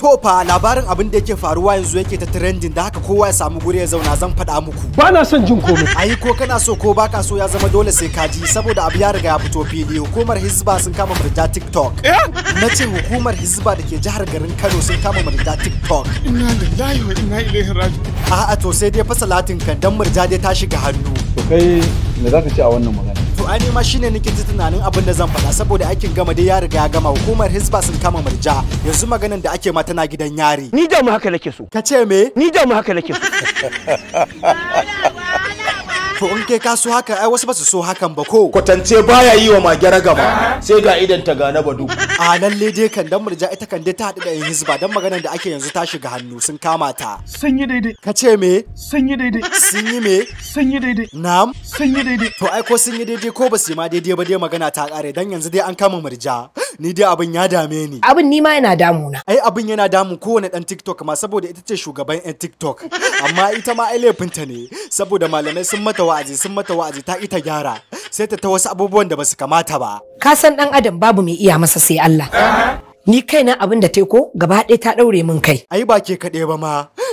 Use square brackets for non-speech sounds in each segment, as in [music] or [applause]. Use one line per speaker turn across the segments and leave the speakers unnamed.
To fa labarin abin da yake faruwa yanzu yake ta trending da haka kowa ya samu guri ya zauna zan faɗa muku. Ba na son jin komai. Ai ko kana so ko baka so ya zama dole sai ka ji saboda abu ya riga ya fito fili hukumar Hizba sun kama murja TikTok. Eh? Na ce hukumar Hizba da ke jihar garin Kano sun kama murja TikTok. Inna lillahi wa inna ilaihi raji'un. A'a to sai dai fa salatin kan dan murja dai ta shiga hannu. To kai me za ka ce a wannan magana? to ai ma shine nake ji tunanin abin da zan faɗa saboda aikin gama dai ya riga ya gama hukumar hisba sun kama murja yanzu maganan da ake ma tana gidan yari ni da mu haka nake so ka ce me ni da mu haka nake so [laughs] to in kai ka so haka ai wasu ba su so hakan ba ko kwatance baya yi wa magyara gaba sai ga idan ta gane badu a lalle dai kan dan murja ita kan dai ta hadu da yin hizba dan maganar da ake yanzu ta shiga hannu sun kama ta sun yi daidai ka ce me sun yi daidai sun yi me sun yi daidai na'am sun yi daidai to ai ko sun yi daidai ko ba su yi ma daidai ba dai magana ta kare dan yanzu dai an kama murja ni dai abin ya dame ni abin ni ma yana damuna ai abin yana damun kowane ɗan tiktok ma saboda ita ce shugaban yan tiktok amma ita ma ai laifinta ne saboda malamai sun mata wa'azi sun mata wa'azi ta ita gyara sai ta ta wasu abubuwan da basu kamata ba ka san ɗan adam babu mai iya masa sai Allah ni kaina abin da ta ko gaba ɗaya ta ɗaure min kai ai ba ke kaɗai ba ma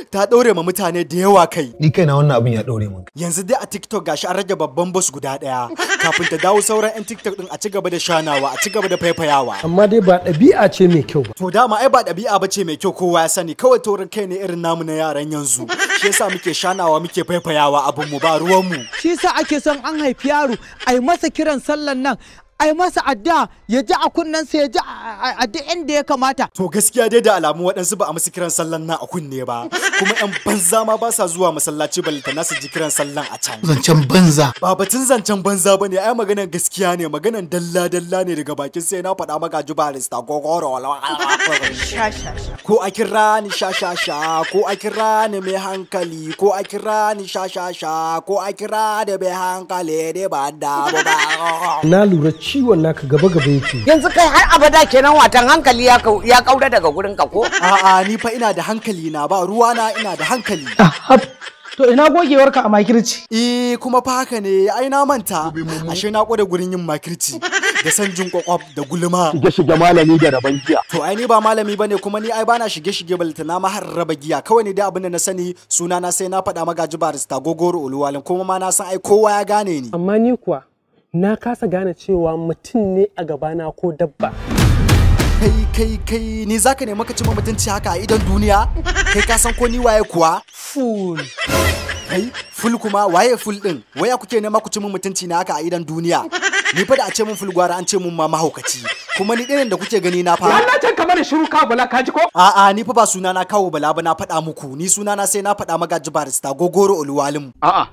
ta ɗaure ma mutane da yawa kai. Ni kaina wannan abin ya ɗaure mun. Yanzu dai a TikTok gashi an rage babban boss guda ɗaya kafin ta dawo sauran 'yan TikTok ɗin a ci gaba da shanawa a ci gaba da faifayawa. Amma dai ba ɗabi'a ce mai kyau ba. To dama ai ba ɗabi'a ba ce mai kyau kowa ya sani kawai taurin kai ne irin namu na yaran yanzu. Shi yasa muke shanawa muke faifayawa abin mu ba ruwanmu. Shi yasa ake son an haifi yaro ai masa kiran sallan nan ai masa adda ya ji a kunnensa ya ji a inda ya kamata. To gaskiya dai da alamu waɗansu ba a musu kiran sallan na a kunne ba kuma yan banza ma ba sa zuwa masallaci na su ji kiran sallan a can. Zancen banza. Ba batun zancen banza ba ne ai maganar gaskiya ne maganar dalla-dalla ne daga bakin sai na faɗa maka ji barista ko goro Ko a kira ni sha-sha-sha ko a kira ni mai hankali ko a kira ni sha-sha-sha ko a kira da mai hankali ne ba da ba. Na lura ciwon naka gaba gaba yake yanzu kai har abada kenan watan hankali ya kaura daga gurin ka ko a'a ni fa ina da hankali na ba ruwa na ina da hankali ah, To ina gogewar ka a makirci? Eh kuma fa haka ne ai na manta ashe na kwada gurin yin makirci da san jin kwakwaf da gulma. Shige shige malami da raban giya. To ai ni ba malami bane kuma ni ai bana shige shige balta na ma har raba giya kawai ne dai abin da na sani suna na sai na faɗa magaji barista gogoro oluwalin kuma ma na san ai kowa ya gane ni. Amma ni kuwa na kasa gane cewa mutum ne a gabana ko dabba kai kai kai ni zaka nemi ka cima mutunci haka a idan duniya kai ka san ko ni waye kuwa ful kai ful kuma waye ful din waya kuke nema ku cima mutunci na haka a idan duniya ni fa da a ce mun ful gwara an ce mun ma mahaukaci kuma ni ɗinin da kuke gani na fa wannan can kamar shiru ka bala ka ji ko a'a ni fa ba suna na kawo bala ba na faɗa muku ni suna na sai na faɗa magaji barista gogoro oluwalim a'a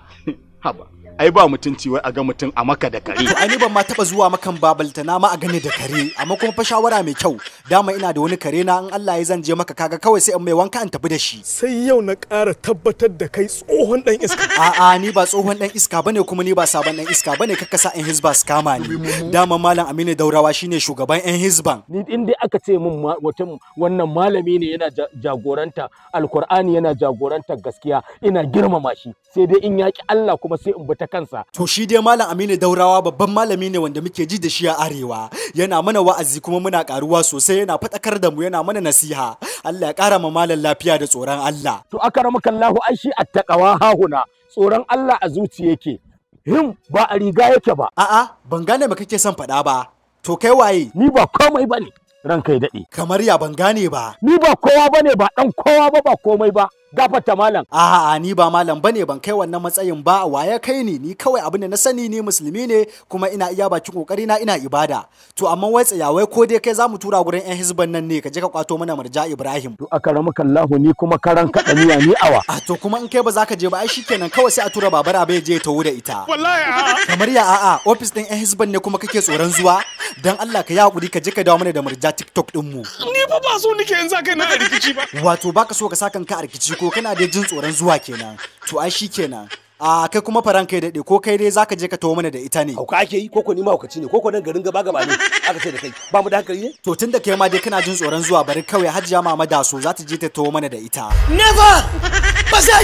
[laughs] haba ai ba mutunci wai a ga mutum a maka da kare to ni ban ma taba zuwa makan babalta na ma a gani da kare amma kuma fa shawara mai kyau dama ina da wani kare na in Allah ya zan je maka kaga kawai sai in mai wanka in tafi da shi sai yau na ƙara tabbatar da kai tsohon dan iska a'a ni ba tsohon dan iska bane kuma ni ba sabon dan iska bane kaka sa in hisba su kama ni dama malam Aminu Daurawa shine shugaban yan hisban ni in dai aka ce min mutum wannan malami ne yana jagoranta alkur'ani yana jagoranta gaskiya ina girmama shi sai dai in yaki Allah kuma sai in bi ta kansa. To shi dai Malam Aminu Daurawa babban malami ne wanda muke ji da shi a Arewa. Yana mana wa'azi kuma muna karuwa sosai yana faɗakar da mu yana mana nasiha. Allah ya kara ma malam lafiya da tsoron Allah. To akramakallahu ai shi attaqawa hahuna tsoron Allah a zuciya yake. Him ba a riga yake ba. A'a ban gane me kake son faɗa ba. To kai waye? Ni ba komai bane. Ranka ya daɗe. Kamar ya ban gane ba. Ni ba kowa bane ba ɗan kowa ba ba komai ba. gafarta malam a'a ni ba malam bane ban kai wannan matsayin ba wa ya kai ni ni kawai abin da na sani ni musulmi ne kuma ina iya bakin kokari na ina ibada to amma wai tsayawai ko dai kai zamu tura gurin yan hizban nan ne ka je ka kwato mana marja ibrahim to akaramu kallahu ni kuma karan kadaniya ni awa a ah, to kuma in kai ba zaka je ba ai shikenan kawai sai a tura babara bai je ta da ita wallahi kamar ya a'a office din yan hizban ne kuma kake tsoron zuwa dan Allah ka ya hakuri ka je ka dawo mana da marja tiktok din mu ni fa ba so nake in za kai na rikici ba wato baka so ka sa kanka a rikici ko kana da jin tsoron zuwa kenan to ai shi kenan a kai kuma faran kai daɗe ko kai dai zaka je ka tawo mana da ita ne ko ake yi ko ni ma haukaci ne ko nan garin gaba gaba ne aka ce da kai ba mu da hankali ne to tunda kai ma dai kana jin tsoron zuwa bari kawai hajjiya mama da so za ta je ta tawo mana da ita never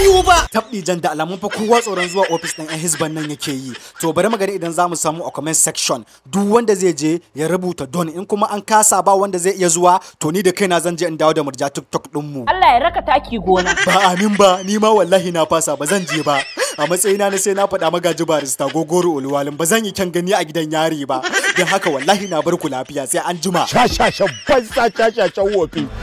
yiwu ba tabdi jan da alamun fa kowa tsoron zuwa ofis ɗin yan hisban nan yake yi to bari mu gani idan zamu samu a comment section duk wanda zai je ya rubuta don in kuma an kasa ba wanda zai iya zuwa to ni da kaina zan je in dawo da murja tiktok din mu Allah ya raka taki gona ba amin ba ni ma wallahi na fasa ba zan je ba a matsayina na sai na faɗa magaji barista gogoro oluwalin ba zan yi kyan gani a gidan yari ba don haka wallahi na bar ku lafiya sai an jima sha sha sha ban sha sha sha wofi